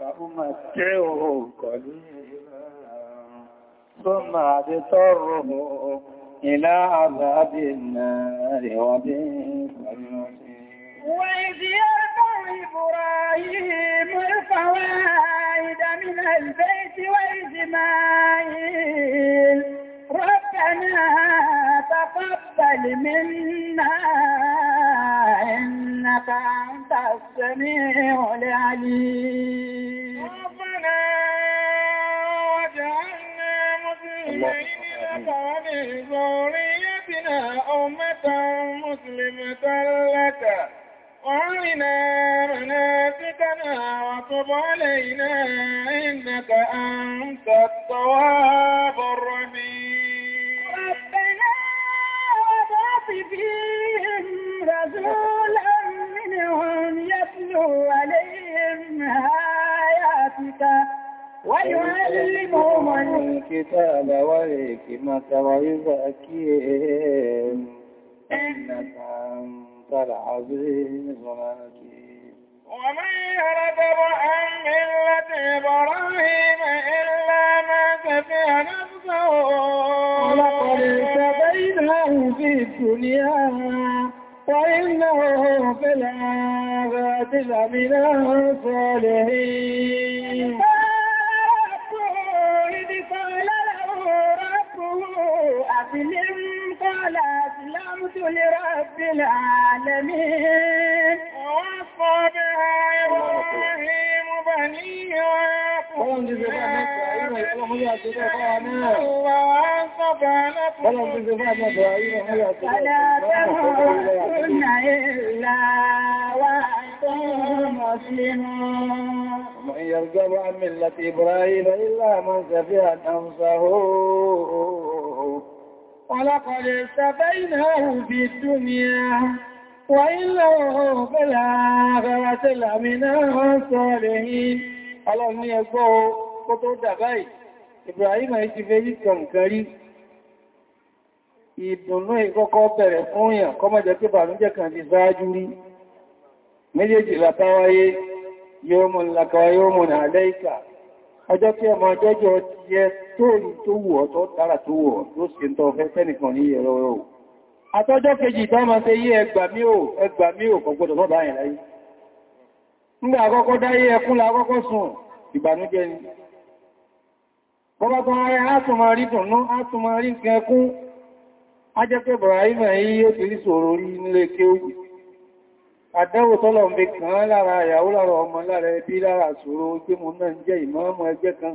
فأمتعه قليلا ثم أضطره إلى عذاب النار وبئس المصير وإذ يرفع إبراهيم الفوائد من البيت وإسماعيل ربنا تقبل منا إنك أنت السميع العليم لك قلنا مناسكنا وتب علينا إنك أنت التواب الرحيم ربنا وضعت فيهم رسولا منهم يتلو عليهم آياتك ويعلمهم الكتاب والحكمة ويزكيهم إنك أنت العظيم الحكيم ومن يرغب عن ملة إبراهيم إلا ما سفه نفسه لقد اهتديناه في الدنيا وإنه في الآخرة لمن الصالحين أسلم على سلامة لرب العالمين ووصى بها إبراهيم بنيه أيوة، أيوة، فلا تموتن إلا وأنتم مسلمون ومن يرغب عن ملة إبراهيم إلا من سفه نفسه ولقد استفيناه في الدنيا وإنه في الآخرة لمن الصالحين ọlọ́run ní ẹgbọ́ kó tó dàbáì Ibrahim ti fẹ́ yí kọ̀ǹkarí ìdùnnú ìkọ́kọ́ bẹ̀rẹ̀ fún yàn kọmọ̀jẹ́ pé bàánújẹ́ kan ti sáájú rí méjèèjì látàwáyé yóò tẹ́rì tó wù tó dára tó wù tó sì tọ́ fẹ́ fẹ́nìkan ní ẹ̀rọ rọ̀ kejì yí ẹgbà ẹgbà nígbà àkọ́kọ́ dáyé la sùn ni átùmọ̀ rí dùnnú átùmọ̀ rí nǹkan ẹkún jẹ́ pé yí ti rí sòrò kàn lára ìyàwó lára ọmọ lára ẹbí lára sòrò náà ọmọ ẹgbẹ́ kan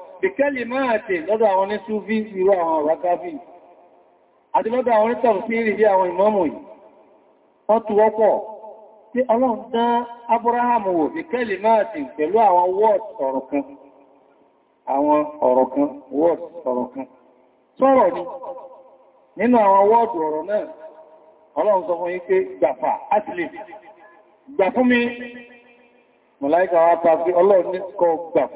bìkẹ́lì máa tè lọ́dọ̀ àwọn ní Súfí ìrọ àwọn àwákáfí àti lọ́dọ̀ àwọn onítọ̀rọ̀ sí ìrìn bí àwọn ìmọ́mù yìí wọ́n tu wọ́pọ̀ tí ọlọ́run dán wò bìkẹ́lì máa tè pẹ̀lú àwọn wọ́ọ̀t ọ̀rọ̀ kan kan ni Ninu naa,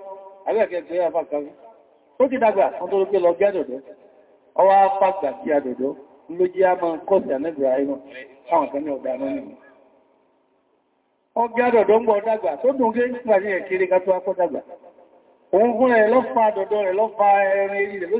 Àbẹ́ẹ̀kẹ́kẹ́ àfà kan. Ó ti dàgbà, wọ́n tó ló pé lọ gẹ́ àdòdó. Ọwọ́ apá gbà sí àdòdó ló jẹ́ a máa kọ́sì ànẹ́bìrà inú àwọn kan ní ọ̀dá náà nínú. Ọ gádọ̀dọ̀ ń gbọ́ dàgbà tó dùn gé nípa ní ẹ̀kiri ká tó akọ́ dàgbà. Òun fún rẹ̀ lọ́fà dọ̀dọ̀ rẹ̀ lọ́fà ẹran eré rẹ̀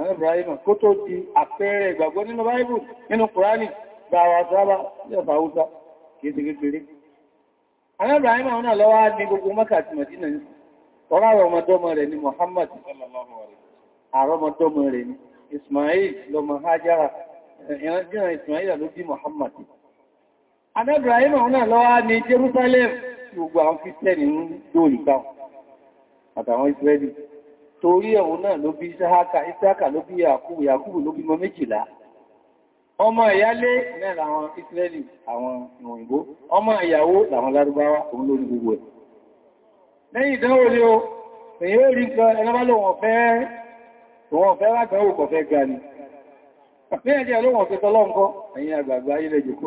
àwọn Ibrahim kó tó di àpẹẹrẹ ìgbàgbọ́ nínú Báíbù nínú Kùránì gbàwà sábà yẹ̀bà Húsá kéèsì kékeré. Àwọn Ibrahim àwọn náà lọ́wọ́ ní gbogbo Mọ́kà àti Mẹ̀dínà ní ọ̀rọ̀ ọmọdọ́mọ rẹ̀ ni Muhammad àrọmọdọ́mọ rẹ̀ ni Ismail lọmọ Hajara ìrìnàjìnà Ismail ló Muhammad. Àwọn Ibrahim àwọn náà lọ́wọ́ ní Jerusalem gbogbo àwọn Kìrìsìtẹ́nì ń torí ẹ̀wọ̀n náà ló bí ìsáhákà ìsáhákà ló bí yàkúbù yàkúbù ló bí mọ méjìlá ọmọ ìyálé náà làwọn Israeli àwọn òyìnbó ọmọ ìyàwó làwọn lárúbáwá òun lórí gbogbo ẹ̀ lẹ́yìn ìdánwò ni ó èyí ó rí nǹkan ẹlọ́bálò wọn fẹ́ wọn fẹ́ látàwò kọ̀fẹ́ ga ni ní ẹ̀jẹ̀ lóhun òfin tọ́lọ́ǹkọ́ ẹ̀yìn àgbàgbà ilẹ̀ ìjòkó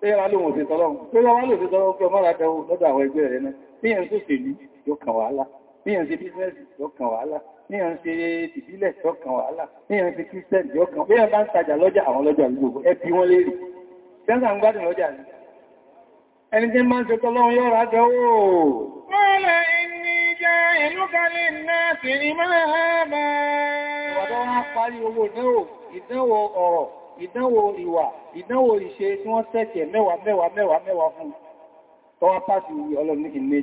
tẹ́yà lóhun òfin tọ́lọ́ǹkọ́ níyàn ṣe bísínẹ́sì yọkàn wàhálà níyàn ṣe tìbílẹ̀ yọkàn wàhálà níyàn ṣe kírísítẹ́n yọkàn bí yàn bá ń tajà lọ́jà àwọn lọ́jà gbogbo ẹbí wọn lérí sẹ́ńsà ń gbádùn lọ́jà ní ẹni tí máa ń ṣe tọ́lọ́run yọ́ra jẹ́ ooo mọ́lẹ̀ ẹni jẹ́ ìlú kalẹ̀ náà sì ní máa bá ọ̀dọ́ wọn parí owó ìdánwò ọ̀rọ̀ ìdánwò ìwà ìdánwò ìṣe tí wọ́n tẹ̀kẹ̀ mẹ́wàá mẹ́wàá mẹ́wàá mẹ́wàá fún tọwọ́ pàtí ọlọ́run ní kí ní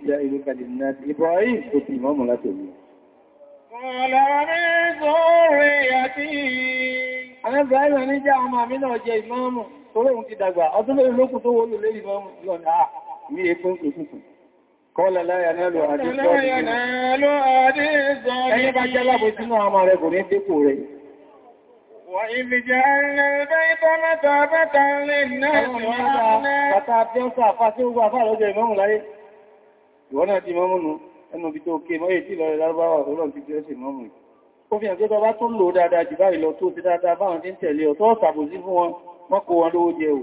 náà Ibrahim kò tí ìmọ́mù láti omi Àmẹ́bìráìmọ̀ ní jẹ́ ọmọ àmì náà jẹ ìmọ́mù torí òun ti dàgbà, ọdún lórí lókùn tó wọ́lù lé ìmọ́mù lọ́nà àà ní èkún kùkùnkùn. Kọ́lẹ̀ láyà náà lọ àdí ìzọ́rí. Ẹni bá jẹ́ lábòsínú وإذ جعلنا البيت مثابة للناس وأمنا Ó fi hàn pé tọba tó lò dáadáa jù báyìí lọ tó ti dáadáa báwọn tí ń tẹ̀lé ọ tó ṣàbòsí fún wọn, wọ́n kó wọn lówó jẹ ò,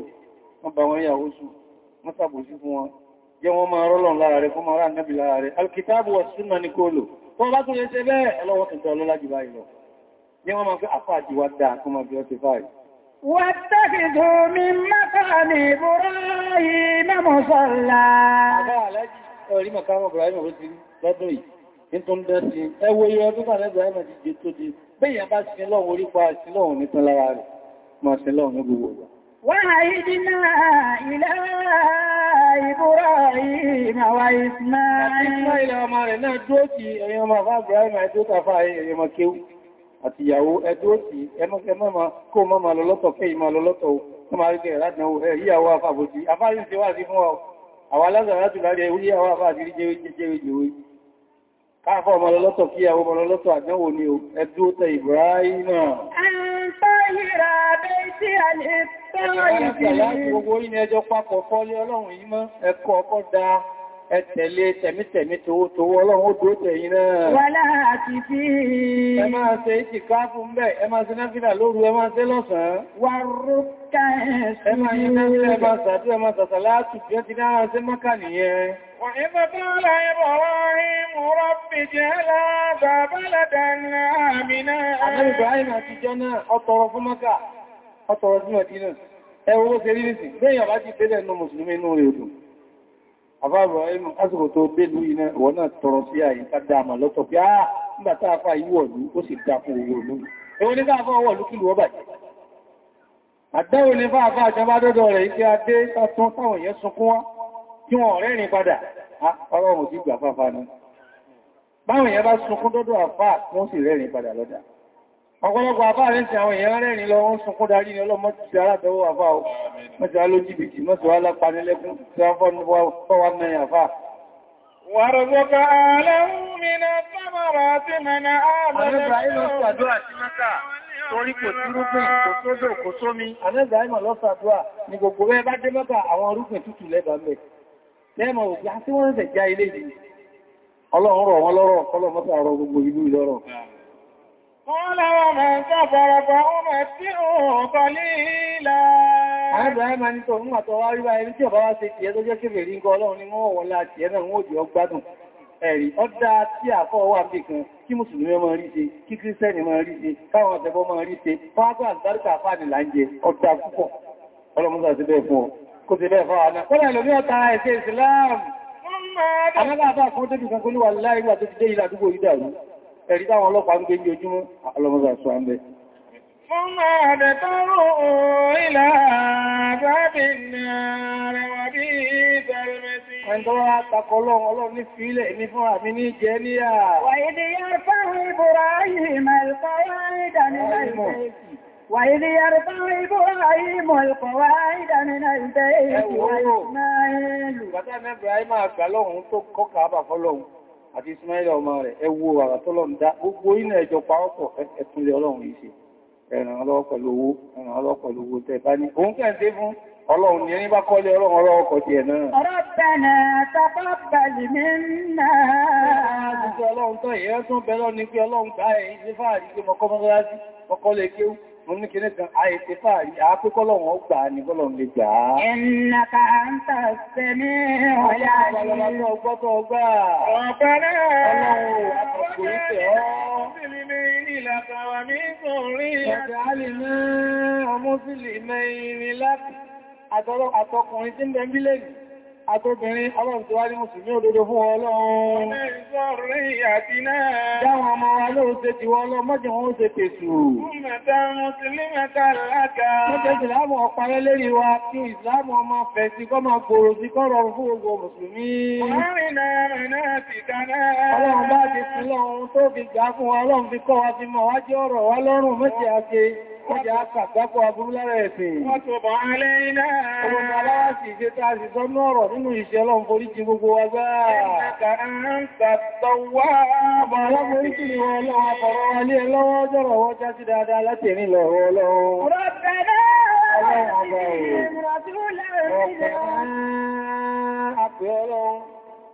wọ́n bá wọn yàwó sùn, wọ́n ṣàbòsí fún wọn, jẹ́ wọ́n máa rọ́lọ̀ lára rẹ̀ fún mọ́ra náàbì lára rẹ̀. Alkitabu wa sunna ni kó lò. Tọba tó lè ṣe bẹ́ẹ̀ ọlọ́wọ́ ní wọ́n máa fẹ́ àfáàjì wá dáa kó máa bí ọ ti fáàrí. Wàtàkìdò mi mọ́ta ní ìbúrá yìí mẹ́mọ̀ sọ́lá. Àbá àlájì ọ̀rí yìí, ní tó ń rẹ̀, máa sin lọ́wọ́ ọmọ rẹ̀ náà dúó kí ẹ̀yọ́ máa fá Ibrahim àti ó tàfà ẹ̀yọ́ máa kéwú àti ìyàwó ẹdúró sí ẹmọ́mọ́ kó mọ́mọ́ lọ́lọ́tọ̀ kẹ́ ìmọ̀ lọ́lọ́tọ̀ tó máa rí kẹ́ ìrádìnà ìyàwó afábòjì afárí ti wá sí fún ọ àwọn alágbàrá láti lárí ẹwú yíyàwó afárí jẹ́ jẹ́rẹ́ jẹ́rẹ́ káàfọ́ ọmọ lọ́lọ́tọ̀ kí ìyàwó ọmọ lọ́lọ́tọ̀ àdánwò ni ẹdúró tẹ Ibrahim náà ẹ̀tẹ̀lé tẹ̀mítẹ̀mí tòótòó ọlọ́run ó dúró tẹ̀yìn náà. Wà láti fi. Ẹ máa ṣe ìtìkáàfù ń bẹ̀, ẹ máa ṣe náfílà lóru, ẹ máa ṣe lọ́sàn-án. Wà rúkà ẹ̀sùn. Ẹ máa ṣe náfílà, ẹ máa ṣàdú, ẹ máa ṣàṣàlá, àtùbí ọtí náà ṣe mọ́kà nìyẹn. Wà ní bàbá ọlá ẹbọ̀ ọ̀rọ̀ Rabbi jẹ́lá bàbálàdà àmìnà. Àbẹ́ Ibrahim àti Jọ́nà ọ̀tọ̀rọ̀ fún Mọ́kà, ọ̀tọ̀rọ̀ sí Mọ̀dínà. Ẹ àbábọ̀ ẹnu kásìkò tó délú iná wọ́n náà tọrọ sí àyíká dáàmà lọ́tọ̀ pé á ah, nígbà táàfà yíwọ̀lú ó sì dákú owó olú ewu ní káàfà wọ̀lú kí lù ọbàjẹ́ àdáwò ní fáàfà àjọba dọ́dọ̀ rẹ̀ ikẹ́ adé tátún táwọn èèyàn sunkún wá kí wọ́n rẹ́rìn padà ah, ọ̀rọ̀ òun ti gbà fáfà náà báwọn èèyàn ọ̀pọ̀lọpọ̀ àbá rẹ̀ sí àwọn èèyàn rẹ̀ nílọ wọ́n sunkún darí ní ọlọ́mọ ti ti aládọ́wọ́ àbá o mọ́sí alójìbìtì mọ́sí wá lápanilẹ́kún tí wọ́n fọ́n fọ́wà mẹ́rin àbá wàrùgbọ́ka aláhùnmínà tọ́mọ̀rọ̀ tí mẹ́nà torí kò sí rúgbìn kò sódò kò sómi. Àmẹ́bà ìmọ̀ lọ́sàdúà ni gbogbo rẹ̀ bá dé mọ́ta àwọn rúgbìn tútù lẹ́bà mẹ́. Lẹ́mọ̀ òjá ah, tí wọ́n ń tẹ̀ já ilé ìdí. Ọlọ́run rọ̀ wọn lọ́rọ̀, ọlọ́mọ́ta rọ gbogbo ìlú ìlọ́rọ̀. قال ومن كفر فأمتعه قليلا Àádọ́ẹ́mà ní tọ̀rún àtọwà ríwá ẹni tí ọ̀bá wá ṣe kìí tó jẹ́ kèfèrí ń gọ́ ọlọ́run ní wọ́n wọ́n láti ẹ̀nà wọ́n jù ọgbádùn. Ẹ̀rí, ọdá tí àfọ́ wà bí kan kí Mùsùlùmí máa rí ṣe, kí Kírísẹ́nì máa rí ṣe, káwọn àtẹ́bọ́ máa rí ṣe, fágbà àgbárùkà fáàdì láńjẹ, ọdá púpọ̀. Ọlọ́mọ́sà ti bẹ́ẹ̀ fún ọ, kó ti bẹ́ẹ̀ fáwọn náà ẹ̀rí táwọn ọlọ́pàá ń gbé ní ojúmọ́ ọlọ́mọdé àṣọ àmì Fúnmọ̀ ọ̀dẹ̀ tọ́rọ ìlà àbábì náà wà bí ìbẹ̀rẹ̀mẹ́sí. Ẹ̀ndọ́ àtàkọ́ ọlọ́run ọlọ́run ní fílẹ̀ ní fún àmì ní jẹ́ níyà. Wà ìdí yá fáwọn ìbòrá yìí mẹ́lẹ̀kọ́ وإذ يرفع إبراهيم القواعد من البيت وإسماعيل àti Ismail ọmọ rẹ̀ ẹwọ àrà tọ́lọ̀ ń dá gbogbo iná ẹjọ pàápọ̀ ẹ̀túnlẹ̀ ọlọ́run yìí ṣe ẹ̀ràn ọlọ́wọ́ pẹ̀lú owó ẹ̀ràn ọlọ́wọ́ pẹ̀lú owó tẹ́ bá ní òun kẹ́ dé fún ọlọ́run ní ẹni bá kọ́lé ọlọ́run ọlọ́wọ́ mo ní kí ní kan àìsí fàárí àápẹ́kọ́lọ̀wọ̀n ó gbà ní kọ́lọ̀n lè gbà á. ẹnàkà ń tàṣẹ́ ní ọ̀yá ìlú ọgbọ́tọ̀ ọgbà ọ̀pẹ́rẹ́ ọlọ́run ọkùnrin tẹ̀ ọ́ àtọ́bìnrin aláàrùsíwárí mùsùlùmí òdodo fún ọlọ́run dáwọn ọmọ wa ló ṣe ti wọ́n lọ mọ́jẹ̀ wọn ó ṣe pèsù ìsìláàmù ọ̀parẹ́ lérí wa kí ìsìláàmù ọmọ fẹ̀ sí kọ́ máa gbòrò sí kọ́ rọrùn fún gbogbo Ọjà àkàtàkọ̀ aburú lára ẹ̀sìn. Wọ́n tó bọ̀ alẹ́ iná. Ọmọ aláwá sì ṣe tá a sì sọ ní ọ̀rọ̀ nínú ìṣẹ́ Ọlọ́run forí jì gbogbo wa gbá. Ẹ̀ka ń tàtọ̀ wá. Ọmọ aláborí kì ní wọn lọ́wọ́ afọ̀rọ̀ wọn lé ẹ lọ́wọ́ jọ̀rọ̀ wọ́n já sí dáadáa láti rìn lọ́wọ́ Ọlọ́run. Rọ́bẹ̀rẹ̀ Ọlọ́run ọba ò. Ọ̀pẹ̀ Ọlọ́run.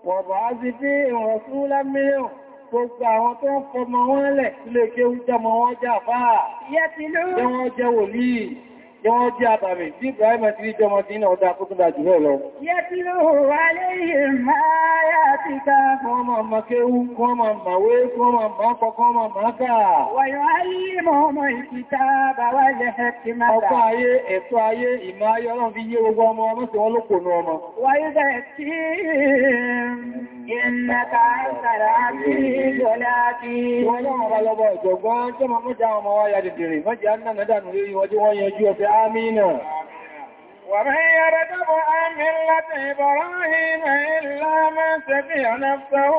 Wọ̀bọ̀ á sì fi ìwọ̀n fún lámílíọ̀n gbogbo àwọn tó ń fọmọ wọn lẹ̀ sílé kí ó jẹ́ àfáà wọ́n jẹ́ wòlíì jẹ́ wọ́n jẹ́ àbàmì tí Ibrahim ti rí jọmọ sí náà dá kó tó dájú lọ́lọ́ màláìkà kan ma makéwú kan ma màwé kan ma mọ́kọ kan ma mọ́kà wàyọ̀ alìmọ̀ ọmọ ìkìta bàwà ilẹ̀ ẹ̀kìmáta ọkọ̀ ayé ẹ̀tọ́ ayé ìmọ̀ ayé ọlọ́run fi yé gbogbo ọmọ ọmọ sí wọ́n lókò ní ọmọ wáyé bẹ̀ kí ìrìnàkà àìsàrà àti ìjọlá kí wọ́n lọ́wọ́ bá lọ́bọ̀ ìjọ̀gbọ́n tó mọ́ mọ́ ومن يرتب عن ملة إبراهيم إلا من سفي نفسه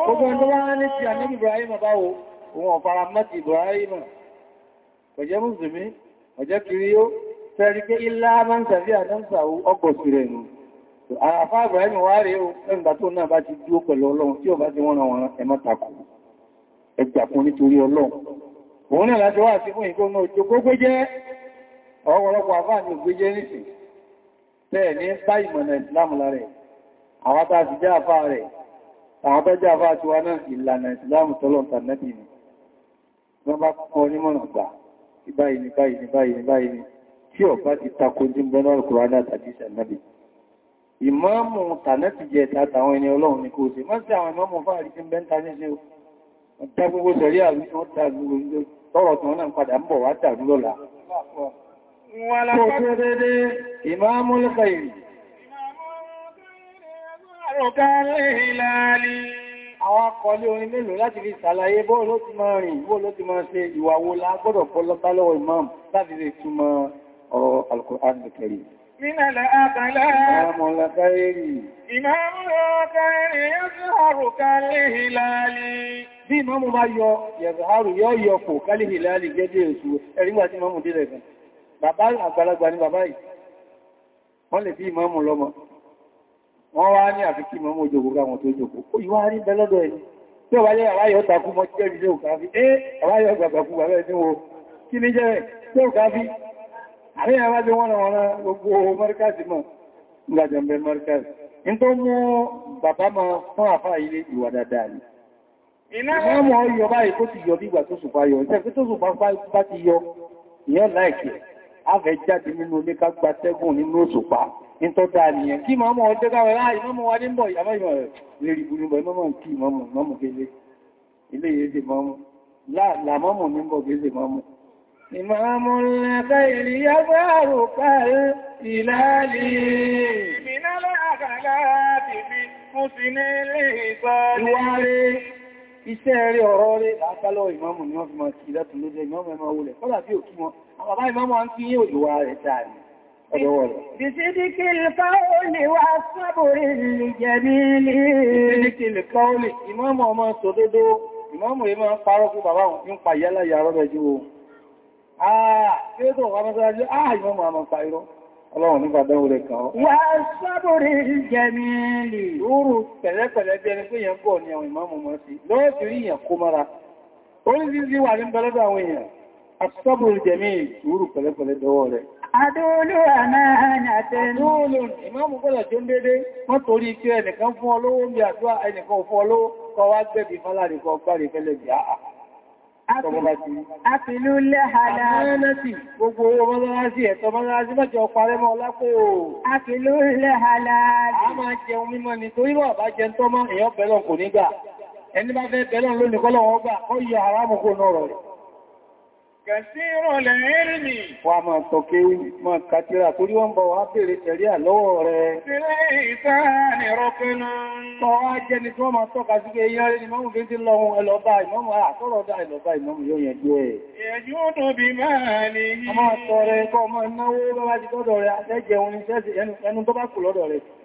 gbogbo ẹni tó wá ní ti àníbì Ibrahim báwo òun ọ̀fara mẹ́tì Ibrahim ọjẹ́ mùsùlùmí ọjẹ́ kiri yóò fẹ́rí pé ilá máa ń sàfí rí o ẹgbà tó náà bá ti dúó pẹ̀lú Ọlọ́run tí ó bá ti wọ́n ra wọn ẹmọ́ takò ẹgbàkún nítorí Ọlọ́run òun náà láti wá sí fún ìkóná òjò gbogbo jẹ́ ọ̀pọ̀lọpọ̀ àfáà ní ògbé jẹ́ nísìnyí bẹ́ẹ̀ ní bá ìmọ̀nà ìsìláàmù lára ẹ̀ àwọn tá ti jẹ́ àfá rẹ̀ àwọn tó jẹ́ àfá ti wá náà ìlànà ìsìláàmù tọ́lọ̀ tàbí ni wọ́n bá kọ́ nímọ̀nà gbà ìbáyìí ní báyìí ní báyìí ní báyìí ní tí ọ̀pá ti takò jí bọ́nà ọ̀kùnrin àtàkì ìsànàbì ìmáàmù tànẹ́tì jẹ́ tàtàwọn ẹni ọlọ́run ní kó ṣe mọ́ sí àwọn ìmáàmù fáàrí tí ń bẹ́ ń ta ní ṣe ọ̀tá gbogbo Kò tó dédé, ìmáàmù lẹ́fẹ̀ẹ́. Àwọn akọlé orin mélòó láti fi ṣàlàyé bó ló ti máa rìn, bó ló ti máa ṣe ìwà wo la gbọ́dọ̀ pọ́lọ́pá lọ́wọ́ ìmáàmù láti lè túmọ̀ ọ̀rọ̀ Al-Qur'an Al-Karim. gẹ́gẹ́ èṣù ẹ̀rígbà tí mọ́mù dé rẹ̀ bàbá àgbàlagbà ní bàbá yìí wọ́n lè fi ìmọ̀mù lọ́mọ wọ́n wá ní àfi kí ìmọ̀mù òjòkó káwọn tó jòkó ó yíwá rí bẹ́lọ́dọ̀ ẹni tí ó wá lé àwáyọ̀ takú mọ́ jẹ́ ìlú òkàfí ẹ́ àwáyọ̀ gbàgbàkú bàbá ẹni wo kí ní jẹ́ rẹ̀ òkàfí àrí àwájọ wọn àwọn gbogbo mọ́ríkàsì mọ́ ńgbàjọ̀mbẹ̀ mọ́ríkàsì in tó mú bàbá ma fún àfá ilé ìwà dáadáa ni ìmọ̀mù ọyọ̀ báyìí tó ti yọ bí ìgbà tó sùpá yọ ìtẹ́kí tó sùpá bá ti yọ ìyọ́ láìkẹ̀ẹ́ afẹ́ jáde nínú ilé ká gba sẹ́gùn nínú òṣùpá ní tó dáa nìyẹn kí máa ọjọ́ káwẹ̀ láàrín mọ́mọ́ wa ní bọ̀ ìyàmọ́ ìmọ̀ iṣẹ́ rí ọ̀rọ̀ rí látàlọ́ ìmọ̀mù ni wọ́n fi máa kí látùlójẹ́ ìmọ̀mù ẹmọ wulẹ̀ kọ́lá bí òkú wọn Bàbá ìmọ́mọ́ ń fi yóò jùwà rẹ̀ dáadì. Bìsídíkì lùkọ́ọ̀lì wà sábòrí lè jẹ̀bí lè. Bìsídíkì lùkọ́ọ̀lì, ìmọ́mọ́ ọmọ sòdodo, ìmọ́mọ́ ìmọ́ parọ́ fún bàbá rẹ̀ Ah, kí ó tó wà ah ìmọ́mọ́ àmọ́ pa irọ́. Ọlọ́run ní bàbá orí kan ọ́. Wà sábòrí jẹ́mìlì. Rúrù pẹ̀lẹ́pẹ̀lẹ́ bí ẹni pé yẹn bọ̀ ni àwọn ìmọ́mù mọ́ sí. Lọ́ọ̀tí rí ìyàn kó mọ́ra. Orí sí sí wà ní bẹ́lọ́dọ̀ àwọn èèyàn. الصبر الجميل سورو كلا كلا دوله Adúlú àmáhàn àtẹnúlù ìmọ́mù gbọ́dọ̀ tí ó ń dédé, wọ́n torí kí ẹnìkan fún olówó ń bí àdúrà ẹnìkan fún olówó kọ gbẹ̀bì kọ fẹ́lẹ̀ bí lẹ́hàlá. gbogbo ẹ̀tọ́ mọ́jọ mọ́ A máa jẹun mímọ́ bá Kàṣírọ̀ lẹ́rìn ni. Wà máa tọ̀kẹ́ máa kàtírà torí wọ́n bọ̀ wá bèèrè tẹ̀rí à rẹ̀.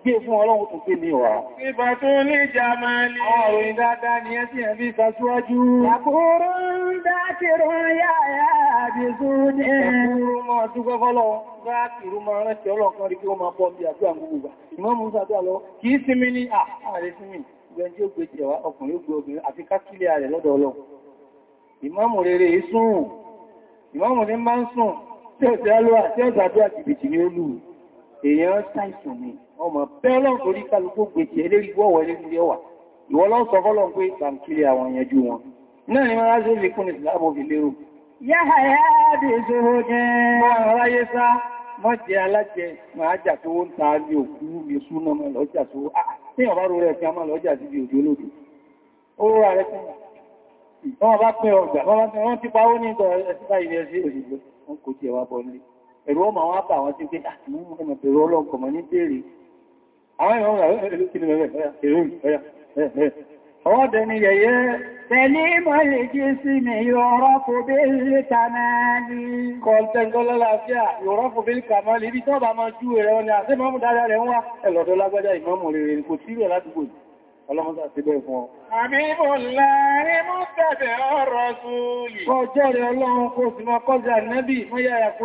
gbé fún ọlọ́run tó gbé ní ọ̀rá. Ìbà tó ní jàmà ní. Ọ̀rọ̀ ìdáadáa ni ẹ sì ẹ̀ bí ìfàsíwájú. ń dá kìrún yáyá àbìsúdé. Ẹgbùrú máa dúgbọ́ fọ́lọ́ gáàkìrú máa rántí ọlọ́kan rí kí ó máa bọ́ bí àjú àgbogbo. Ìmọ́ mú sàdá lọ, kìí sinmi ní ààrẹ sinmi, ìgbẹ́ tí ó gbé jẹ̀wá ọkùnrin ó gbé obìnrin àti kákílẹ̀ rẹ̀ lọ́dọ̀ ọlọ́. Ìmọ́mù rere sùn, ìmọ́mù ní máa ń sùn, tí ó ti alúwà tí ó gbàdúrà jìbìtì ní olú, èèyàn sáìsùn ni, ọmọ bẹ́ẹ̀ lọ́n torí kálukú gbèjì eléri pé ìtàǹkiri àwọn ìyẹjú wọn. Náà ni wọ́n á ṣe lè fi lérò. Yáhàyá bí ìṣòro jẹ́ ọ̀ráyé sá, mọ́ jẹ́ alájẹ, máa jà tó ń ta ní òkú mi súnà mọ́ lọ́jà tó, ah, tí ọ̀bá rú rẹ̀ kí a máa lọ́jà sí bí òjò olóòdó. Ó rú ààrẹ fún wọn bá pẹ́ ọgbà, wọ́n ti pa ó ní ìtọ̀ ẹ̀síta ilẹ̀ sí òṣìṣẹ́, wọ́n kò tí ẹwà bọ́ nílé. Ẹ̀rọ ọmọ wọn bà wọn ti pé àtìmú ah, ọmọ ẹ̀rọ ọlọ́nkọ̀mọ́ ní bèèrè ọdún yẹ̀yẹ́ tẹ̀lé mọ́lẹ̀kí sí mi yọ̀rọ̀fù bí lè tàmàlì kọ̀ọ̀tẹ̀gọ́lọ́láfíà yọ̀rọ̀fù bí lè tàmàlì ibi tọ́bà máa jú rẹ̀ wọn ni àti mọ́mù dáadáa rẹ̀ wá ẹ̀lọ́dọ́ lágbàjá ìmọ́mù rẹ̀ kò tí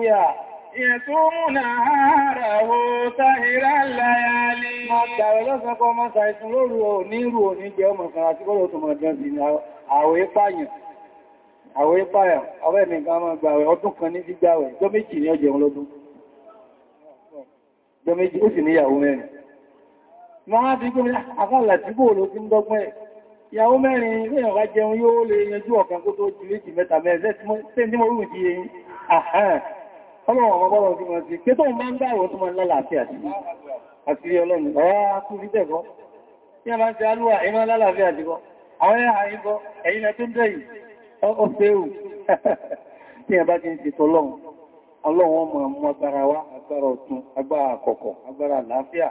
rẹ̀ يصوم نهاره سهر الليالي Àjàrẹ̀ lọ́sànkọ́ ọmọ ṣàìsùn lóru ò ní ìrù ò ní jẹ ọmọ kan àti kọ́lọ̀ tó mọ̀ jẹ́ sí àwọ̀ ipáyàn. Àwọ̀ ipáyàn, ọwọ́ ẹ̀mì kan máa gbàwẹ̀ ọdún kan ní gbígbàwẹ̀, jọ méjì ní ọjẹun lọ́dún. Jọ méjì ó sì níyàwó mẹ́rin. Mọ́ á ti gómìnà, àkọ́lá tí bóò ló ti ń dọ́gbọ́n ẹ̀. Ìyàwó mẹ́rin ilé ìwà jẹun yóò lè yanjú ọ̀kan kó tó jù méjì mẹ́ta mẹ́rin, ọlọ́wọ̀n ọmọ bọ́lọ̀ tí wọ́n ti ké tó máa ń dáwọ̀ tó máa ń lálàáfíà sí àti ọlọ́run ọwá kú sí tẹ́kọ́ tí a máa ń ti alúwà ẹmọ́ lálàáfíà sí kọ́ àwọn ẹ̀hà ìkọ́ ẹ̀yìn tó ń dẹ̀ yìí ọ̀fẹ́hù tí a bá ti ń ti tọ́lọ́run ọlọ́run ọmọ mú agbára wá agbára ọ̀tún agbára àkọ́kọ́ agbára àlàáfíà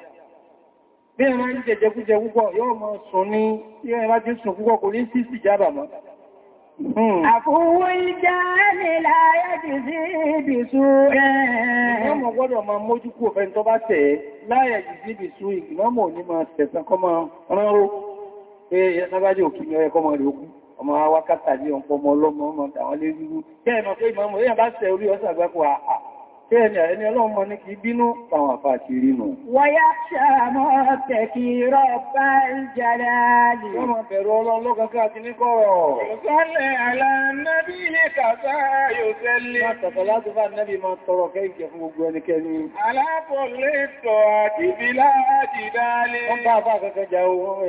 bí ẹ ń jẹjẹ kújẹ púpọ̀ yóò máa sùn ní bí ẹ sùn púpọ̀ kò ní sí ìjábà mọ́ Àfúwó ìjá ní láyé jì sí ìbìsú rẹ̀. Ìgbọ́mọ̀ gbọ́dọ̀ máa mójú kú òfẹ́ tó bá tẹ̀ láyé jì sí ìbìsú ìgbọ́mọ̀ ní máa tẹ̀sán kọ́ máa rán ó. Pé ẹ̀sábájẹ́ òkú ni ọ̀yẹ́kọ́ máa rí okú, ọmọ awákátà ní ọ̀pọ̀ ọmọ ọlọ́mọ ọmọ tàwọn lé rírú. Bẹ́ẹ̀ mọ̀ pé ìmọ̀ tí ẹni ẹni ọlọ́run mọ́ ní kí bínú àwọn àfà ti rí nù. Wọ́yá ṣàmọ́ tẹ̀kì rọ́pá ìjàdáàlì. Wọ́n mọ̀ bẹ̀rù ọlọ́run lọ́gọ́gọ́ àti ní kọ́rọ̀. Ìṣẹ́lẹ̀ alánàbí ní kàtà yóò tẹ́lẹ̀. Látàtà láti bá nẹ́bí máa tọrọ kẹ́ìjẹ fún gbogbo ẹnikẹ́ni. Alápọ̀lẹ́tọ̀ àti bílá àjìdáàlì. Wọ́n bá àfà kẹ́kẹ́ jà owó wọn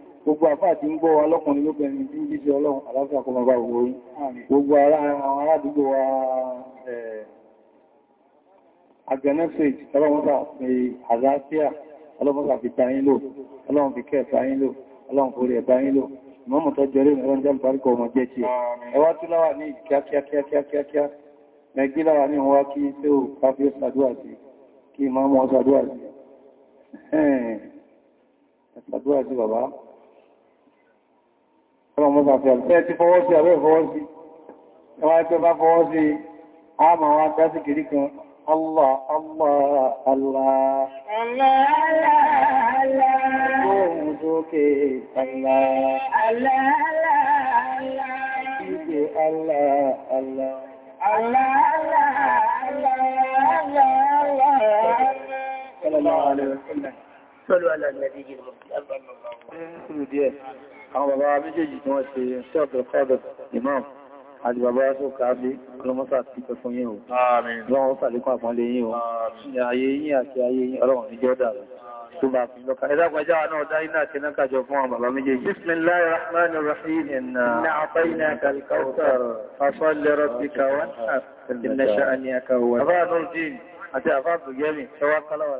gbogbo àfáà tí ń gbọ́ wa lọ́kùnrin lóbìnrin tí ń bí sí ọlọ́run àlàáfíà kó máa bá òwúrí gbogbo àwọn aládùúgbò wa agẹ́nẹ́fẹ̀ẹ́ ọlọ́mọ́sà fi àlàáfíà ọlọ́mọ́sà fi tayín lò ọlọ́run fi kẹfà yín lò ọlọ́run forí ẹ̀bá yín lò mọ́mọ̀ tó jẹrẹ ìrọ̀n jẹ́ ìbáríkọ̀ ọmọ jẹ́ ti ẹwà tí láwà ní kíákíákíákíá mẹ́gbí láwà ní wọ́n wá kí tí ó káfí ṣàdúwà sí kí máa mọ́ ṣàdúwà sí ẹ̀ẹ́ ṣàdúwà sí bàbá ọlọ́mọ bá fi àlùfẹ́ ti fọwọ́ sí àwẹ́ fọwọ́ sí ẹwà tó bá fọwọ́ sí àmà wa dá sí kìrí kan Allah Allah Allah Allah Allah Ohun sókè Allah Allah Allah Ìgbé Allah Allah Allah Allah Allah Allah Sallallahu alaihi wa sallam Sallallahu alaihi wa sallam àwọn bàbá méjèèjì tí wọ́n ṣe ṣẹ́ọ̀tọ̀ kọ́dọ̀ imam àti bàbá tó kàábí ọlọ́mọ́sà ti pẹ̀fún yíò lọ́wọ́ sàlékún àpọ́nlé yíò ayé yín àti ayé yín ní jọ́dà tó bá fi lọ́ka ẹ̀dàgbàjá náà dá iná àti nákàjọ fún àwọn bàbá méjèèjì bismillahir rahmanir rahim inna a'tainakal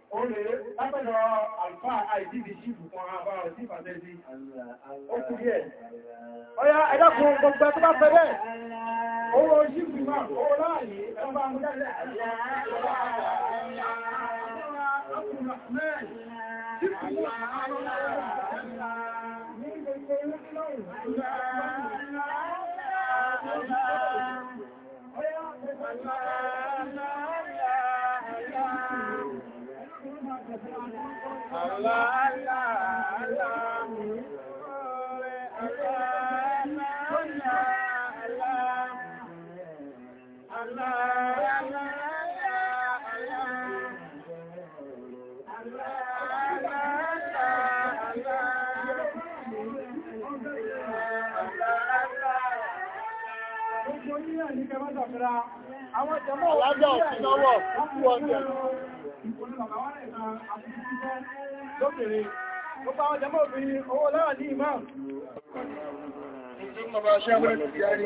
ó lè lápẹ́lọ àlfà àìdíbi ṣíbù Allah, àbá Allah, ìfàṣẹ́ sí ó kú díẹ̀. ọya ẹ̀dàkùn gbogbo tó bá fẹ́lẹ̀ owó ṣíbù máa owó láàyè ẹgbà mú jẹ́lẹ̀ Thank you. Àwọn ìjọmọ́ òṣìṣẹ́ ìjọmọ́ òṣìṣẹ́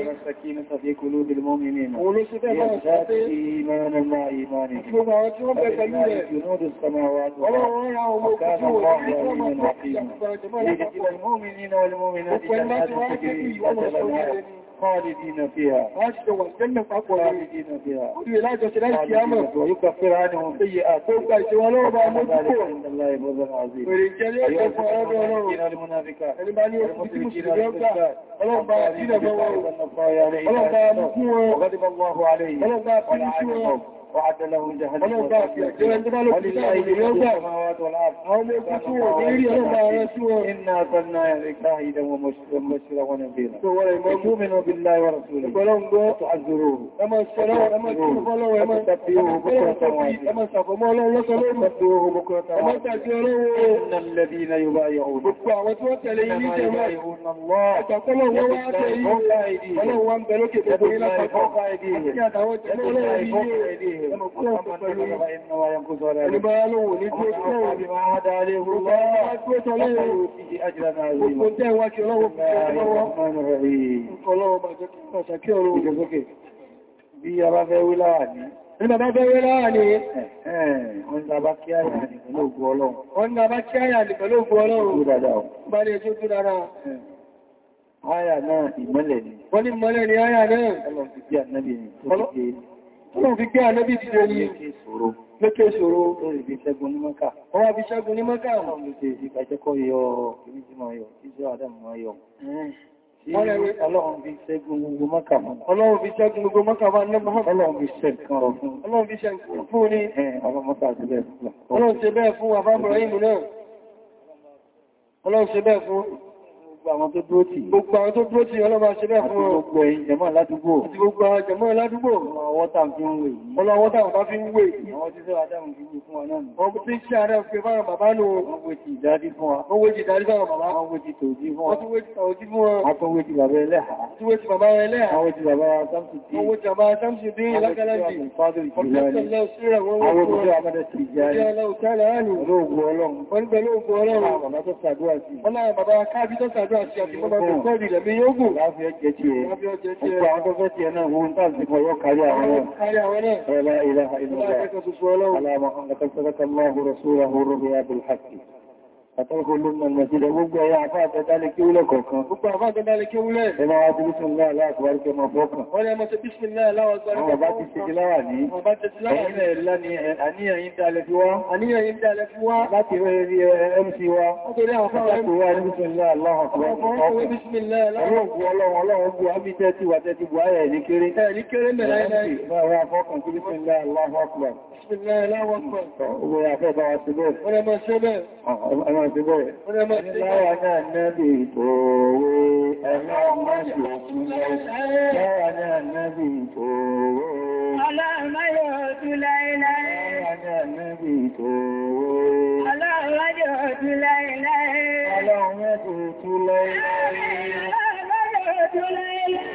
السكينة في قلوب المؤمنين وذات إيمانا مع إيمانهم وذات جنود السماوات وكان الله عليما حكيما يجزي المؤمنين والمؤمنات جنات تجري وجبلها خالدين فيها عاشت والجنة خالدين فيها قل ولاجة لا القيامة ويكفر عنهم سيئاتهم كالشوالو بأمودكم الله بر العظيم ورجال يكفر عنهم المنافقات المشركين والكفار اللهم بارك لنا اللهم بارك لنا وغضب الله عليه ولعنهم وعد لهم جهنم ولله اليوم السماوات والارض انا ارسلنا اليك شاهدا ومبشرا ونذيرا وتؤمنوا بالله ورسوله وتعزروه كما اشتروه كما تسبحوه بكره واسيلا بكره ان الذين يبايعون انما يبايعون الله فوق ايديهم فوق ايديهم فوق ايديهم Bí a bá fẹ́ wí láwà ní, Nígbà bá bẹ́rẹ̀ láwà ní ọ̀nà bá kí àyà ní pẹ̀lú ògùn ọlọ́run. Ọ̀nà bá kí àyà ní pẹ̀lú ògùn ọlọ́run. Bá ní ẹjọ́ tó dára. Àyà náà ìmọ́lẹ̀ ni. Wọ́n ní ìmọ́lẹ̀ ni àyà náà. Ọlọ́run ti bí olùgbígbé ànẹ́bí ti jẹ́ ní lókè ìṣòro olùgbíṣẹ́gun ní mọ́ká ọwá bí ṣẹ́gun ní mọ́ká àwọn olùgbé ìgbàjẹ́kọ́ yọ ìrìnjìmọ̀ yọ ìjọ àdámọ̀ yọ Ọlọ́run fi ṣẹ́gun gbogbo mọ́kà mọ́. Ọlọ́run fi ṣẹ́gun gbogbo mọ́kà mọ́ ní mọ́. Ọlọ́run fi ṣẹ́ kan rọ̀ fún. Ọlọ́run fi ṣẹ́ fún ní ọmọ mọ́kà sí bẹ́ẹ̀ fún. Ọlọ́run ṣe bẹ́ẹ̀ fún àbábọ̀ gbogbo àwọn tó dúró tì gbogbo àwọn tó dúró tì ọlọ́bàá ṣe bẹ́ẹ̀ fún gbogbo ẹ̀yin jẹmọ́ aládùúgbò àti gbogbo àwọn jẹmọ́ aládùúgbò ọwọ́ tàà fi ń wè yìí ọlọ́wọ́ tàà bá fi ń wè àwọn tí sọ́wọ́ adáhùn fi wù fún ọ̀nà ọgbọ́n tí ṣe ààrẹ òfin fáwọn bàbá lò wọ́n wé ti ìdájí fún wa wọ́n wé ti ìdájí fáwọn bàbá wọ́n wé ti tòjí fún wa wọ́n wé ti tòjí fún wa wọ́n wé ti bàbá ẹlẹ́hà wọ́n wé ti bàbá ẹlẹ́hà wọ́n wé ti bàbá sámsùdín wọ́n wé ti bàbá sámsùdín lákàlájì àwọn òṣèrè àmọ́dé ti jẹ́ ààrẹ olóògùn ọlọ́run àti àti bọ́bá tó kọ́ ìrìnlẹ̀ bí yóò gùn láti ọjẹ́ tí ẹ ọjọ́ àwọn tó fẹ́ tí ẹ náà wọ́n tàbí kọ yóò kárí àwọn ọ̀rọ̀ ilẹ̀ ilẹ̀ ilẹ̀ àtàríkò olóòmọ̀ nàìjíríà gbogbo ẹ̀yà àfáàtẹ́dálé kí wúlẹ̀ kọ̀ọ̀kan. Gbogbo àfáàtẹ́dálé kí wúlẹ̀. Ẹmọ wa ti bí sínú láàrín àkùwárí kẹ mọ̀ bọ́kàn. Wọ́n ni ẹmọ ti bí sínú láàrín láwọn ọgbọ́n. Àwọn bá ti ṣe kí láwà ní. Àwọn bá ti ṣe láwà ní. Àníyàn yìí dálẹ̀ fi wá. Àníyàn yìí dálẹ̀ fi wá. Láti rẹ̀ rí MC wa. Ó tó lẹ́wọ̀n fún àwọn ẹ̀kùn wa ní bísmìlá aláwọ̀ àkùwárí. Ọkùnrin bísmìlá aláwọ̀ ọlọ́run ọlọ́run gbọ́ Allah ti bẹ́ẹ̀. Láwà náà nẹ́bì tòòwé ẹ̀lọ́mọ́sí ọ̀túnlẹ̀. Láwà náà nẹ́bì tòòwé. Ọlọ́mọ́yọ̀ ọ̀túnlẹ̀ ilẹ̀. Láwà náà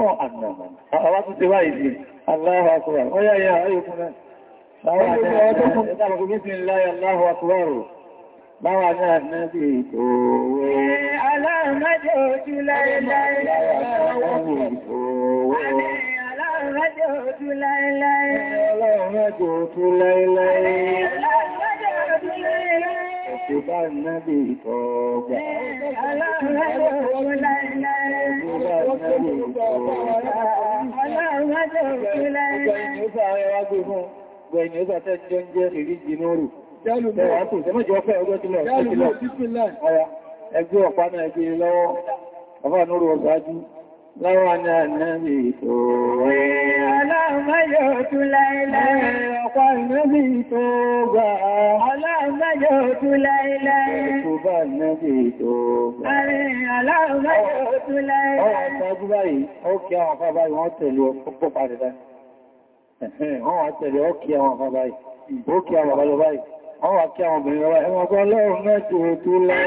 Àwọn tó ti wá ìdí, Allahu Akbar, ó yá yá ayékúnlẹ̀. Àwọn àjẹ́ ọ̀tọ́kùn ìdàgbàgbà bí i láyé Allahu Akbar. Báwa ní àdínẹ́bì òwe. Aláàmọ́dé ojú láíláí. Aláàmọ́dé ojú láíláí. Ìbá náàbì ìtọ̀ọ̀gbà. Ọlọ́run ẹjọ́ òkú lọ́wọ́nà nàbì tó rẹ̀ aláàmáyò túnláìlẹ̀ ọ̀pọ̀ nàbì tó gbà aláàmáyò túnláìlẹ̀ ọ̀pọ̀ nàbì tó gbà aláàmáyò túnláìlẹ̀ ọ̀pọ̀ ọgbà yìí ó kí àwọn afábá yìí wọ́n tẹ̀lé ọpọ̀ pàdẹ̀dá wọ́n wá tẹ̀lé ó kí àwọn afábá yìí ó kí àwọn bàbá yìí wọ́n wá kí àwọn obìnrin lọ́wọ́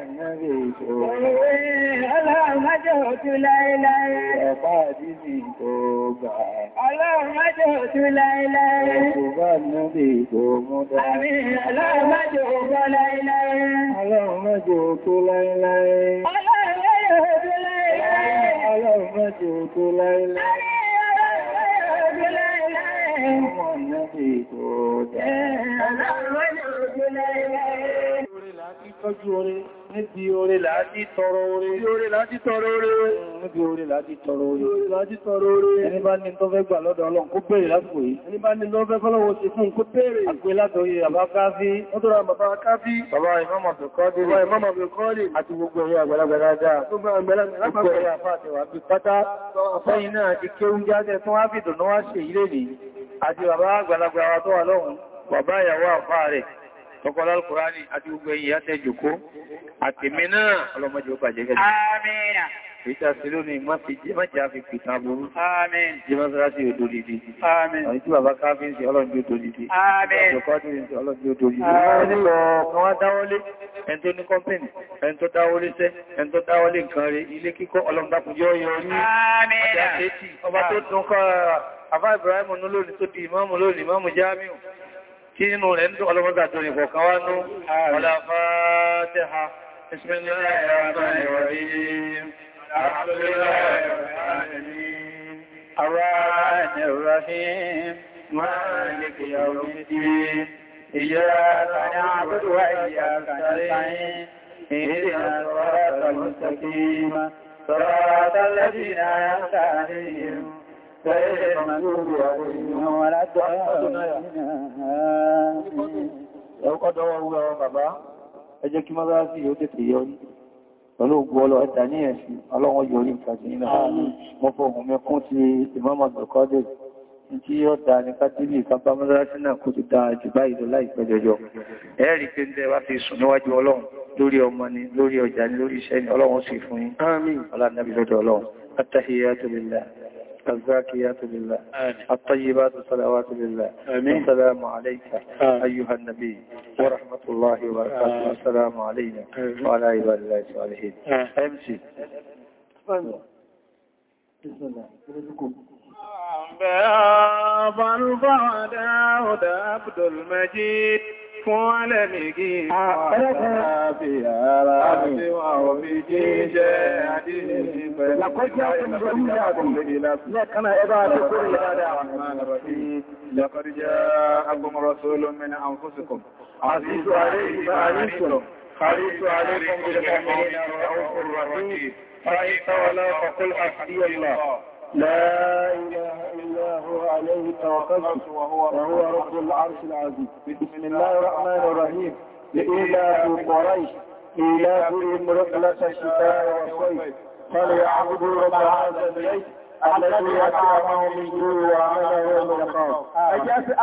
Ọlọ́run májẹ̀ òtú láíláí. Ẹ̀bá àdíjì tó gbà. Ọlọ́run májẹ̀ òtú láíláí. Ẹ̀bá àdíjì tó mú dá. Ọlọ́run májẹ̀ òtú láíláí. Ọlọ́run májẹ̀ òtú láíláí. Ọlọ́run májẹ̀ òtú láíláí. Orí làá níbi oore láti tọrọ oore níbi oore láti tọrọ oore níbi oore láti tọrọ oore oore láti tọrọ oore ẹni bá ní tó fẹ́ gbà lọ́dọ̀ Ọlọ́run kó béèrè lásìkò yìí ẹni bá ní lọ́fẹ́ fọ́lọ́wọ́ sí fún kó béèrè àgbé látọ̀rí bàbá káfí ọdọ́ra bàbá káfí bàbá Imam Abdul Qadir bàbá Imam Abdul Qadir àti gbogbo ẹ̀yà àgbàlagbà dáadáa gbogbo àgbàlagbà lápapọ̀ ẹ̀yà pátá fẹ́yìn náà ti kéhùn jáde tó wá fìdùnú wá ṣe ilé àti bàbá àgbàlagbà wa tó wà lọ́hùn bàbá ìyàwó àfáà rẹ̀ Ọkọ̀lá Al-Kùránì àti gbogbo ẹ̀yìn yàtẹ̀ jùkú, àtìmí náà ọlọ́mọdé ó bàjẹ́ gẹ́gẹ́. Àmìnà. Ìta sí lónìí, má fi jẹ́ mẹ́jà fi pìtà burú. Àmín. Jẹ́ mọ́sánásí odò dìdì. Àmín. Àwọn ìtí bàbá káfíń sí ọlọ́dí odò dìdì. Àmín. Ọjọ́kọ́dún sí ọlọ́dí odò dìdì. Àwọn onílọ̀ kan wá dáwọ́lé, ẹn tó ní kọ́mpìnì, ẹn tó dáwọ́lé sẹ́, ẹn tó dáwọ́lé nǹkan rẹ̀, ilé kíkọ́ ọlọ́mdákùnjọ́ yọ ní. Àmín. Ọba tó tún kọ́ kí inú rẹ̀ ń tó ọlọ́mọ́dá tó ní kọ̀ọ̀kan wá ní ọlọ́fàátẹ́ha Bismillahirrahmanirrahim. Alhamdulillahirrahmanirrahim. Arrahmanirrahim. Maliki yawmiddin. Iyyaka na'budu wa iyyaka nasta'in. Ihdinas siratal mustaqim. Siratal ladzina an'amta 'alayhim Ẹjẹ́ kí mọ́lá sí yóò tètè yọrí, pẹ̀lú ògbò ọlọ ẹ̀dà ní ẹ̀ṣì ọlọ́wọ́ yọrí ìkàjì nínú mọ́ fún òun mẹ́kún ti ìmọ́mọ̀ gbọ̀kọ́dẹ̀ tí ó dá ní kátílì ìkápá mọ́lá sí náà kò ti dá jù báyìí láìpẹ́ jọjọ. Ẹ̀rì pé ń tẹ́ wá fi sùn níwájú ọlọ́run lórí ọmọ ni lórí ọjà ni lórí iṣẹ́ ni الزاكيات لله آمين. الطيبات صلوات لله آمين. السلام عليك آمين. أيها النبي ورحمة الله وبركاته آمين. السلام علينا آمين. وعلى عباد الله الصالحين امشي بسم الله باب الفعداء عبد المجيد fún alẹ́mìgí لقد جاءكم رسول من أنفسكم عزيز عليه ما عنيتم حريص عليكم بالمؤمنين رؤوف رحيم فإن تولوا فقل حسبي الله لا إله إلا هو عليه توكلت وهو رب العرش العظيم بسم الله الرحمن الرحيم لإله قريش إلههم رحلة الشتاء والصيف فليعبدوا رب هذا البيت الذي أطعمهم من جوع وعمله من خوف